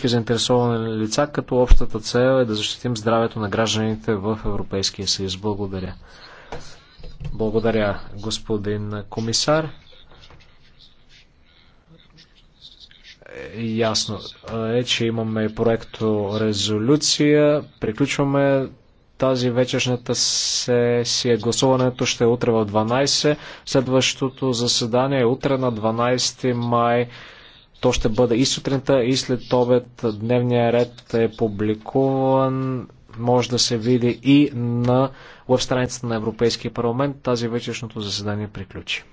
всички заинтересовани лица, като общата цел е да защитим здравето на гражданите в Европейския съюз. Благодаря. Благодаря, господин комисар. Ясно е, че имаме проекто резолюция. Приключваме тази вечершната сесия. Гласуването ще е утре в 12. Следващото заседание е утре на 12 май. То ще бъде и сутринта, и след обед. Дневния ред е публикуван. Може да се види и на веб страницата на Европейския парламент. Тази вечершното заседание приключи.